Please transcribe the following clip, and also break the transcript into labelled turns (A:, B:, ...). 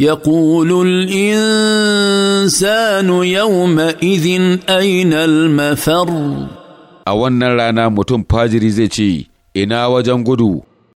A: Ya يقول الانسان يومئذ اين المفر a wannan rana mutum fajiri zai ce ina
B: wajen gudu